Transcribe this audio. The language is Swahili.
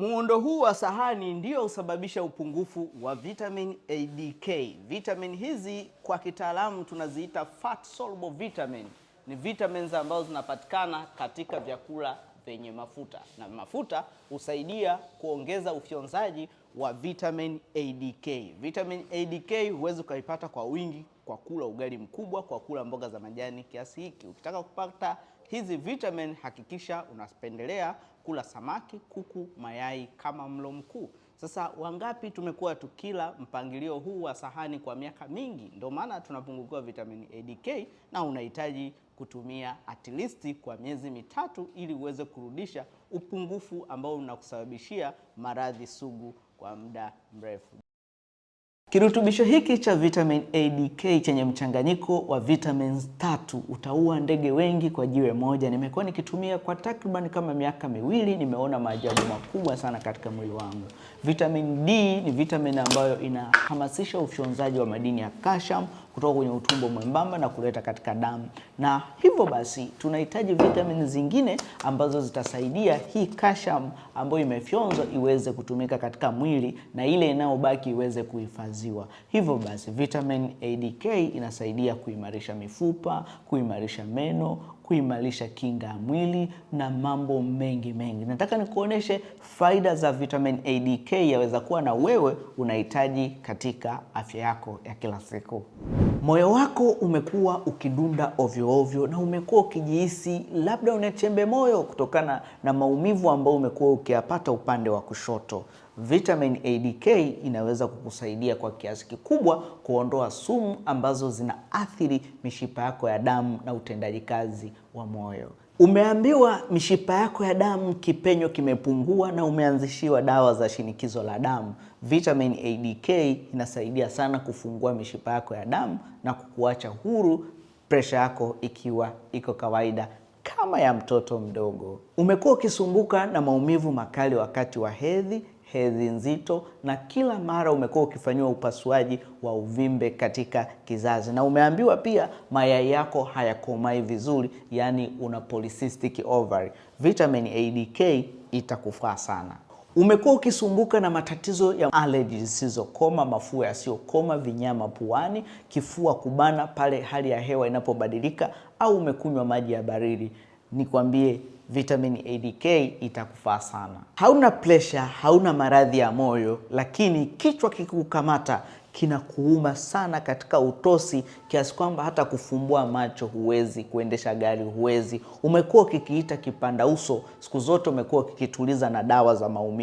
Muundo huu wa sahani ndio husababisha upungufu wa vitamin ADK. Vitamin hizi kwa kitaalamu tunaziita fat soluble vitamin. Ni vitamins ambazo zinapatikana katika vyakula vyenye mafuta, na mafuta husaidia kuongeza ufyonzaji wa vitamin ADK. Vitamin ADK huwezi ukaipata kwa wingi kwa kula ugali mkubwa, kwa kula mboga za majani kiasi hiki. Ukitaka kupata hizi vitamin, hakikisha unapendelea kula samaki, kuku, mayai kama mlo mkuu. Sasa wangapi tumekuwa tukila mpangilio huu wa sahani kwa miaka mingi? Ndio maana tunapungukiwa vitamini ADK na unahitaji kutumia at least kwa miezi mitatu ili uweze kurudisha upungufu ambao unakusababishia maradhi sugu kwa muda mrefu. Kirutubisho hiki cha vitamin K chenye mchanganyiko wa vitamins tatu utaua ndege wengi kwa jiwe moja. Nimekuwa nikitumia kwa takriban kama miaka miwili, nimeona maajabu makubwa sana katika mwili wangu. Vitamin D ni vitamin ambayo inahamasisha ufyonzaji wa madini ya calcium kutoka kwenye utumbo mwembamba na kuleta katika damu, na hivyo basi tunahitaji vitamini zingine ambazo zitasaidia hii calcium ambayo imefyonzwa iweze kutumika katika mwili na ile inayobaki iweze kuhifadhiwa. Hivyo basi vitamin ADK inasaidia kuimarisha mifupa, kuimarisha meno kuimarisha kinga ya mwili na mambo mengi mengi. Nataka nikuoneshe faida za vitamin ADK yaweza kuwa na wewe unahitaji katika afya yako ya kila siku. Moyo wako umekuwa ukidunda ovyo ovyo na umekuwa ukijihisi labda una chembe moyo kutokana na maumivu ambayo umekuwa ukiyapata upande wa kushoto vitamin ADK inaweza kukusaidia kwa kiasi kikubwa kuondoa sumu ambazo zinaathiri mishipa yako ya damu na utendaji kazi wa moyo. Umeambiwa mishipa yako ya damu kipenyo kimepungua na umeanzishiwa dawa za shinikizo la damu. Vitamin ADK inasaidia sana kufungua mishipa yako ya damu na kukuacha huru, presha yako ikiwa iko kawaida kama ya mtoto mdogo. Umekuwa ukisumbuka na maumivu makali wakati wa hedhi, hedhi nzito, na kila mara umekuwa ukifanyiwa upasuaji wa uvimbe katika kizazi, na umeambiwa pia mayai yako hayakomai vizuri, yaani una polycystic ovary. Vitamin ADK itakufaa sana. Umekuwa ukisumbuka na matatizo ya allergy zisizokoma, mafua yasiyokoma, vinyama puani, kifua kubana pale hali ya hewa inapobadilika, au umekunywa maji ya baridi, nikwambie Vitamin ADK itakufaa sana. Hauna presha, hauna maradhi ya moyo, lakini kichwa kikukamata kinakuuma sana katika utosi, kiasi kwamba hata kufumbua macho huwezi, kuendesha gari huwezi, umekuwa ukikiita kipanda uso siku zote, umekuwa ukikituliza na dawa za maumivu.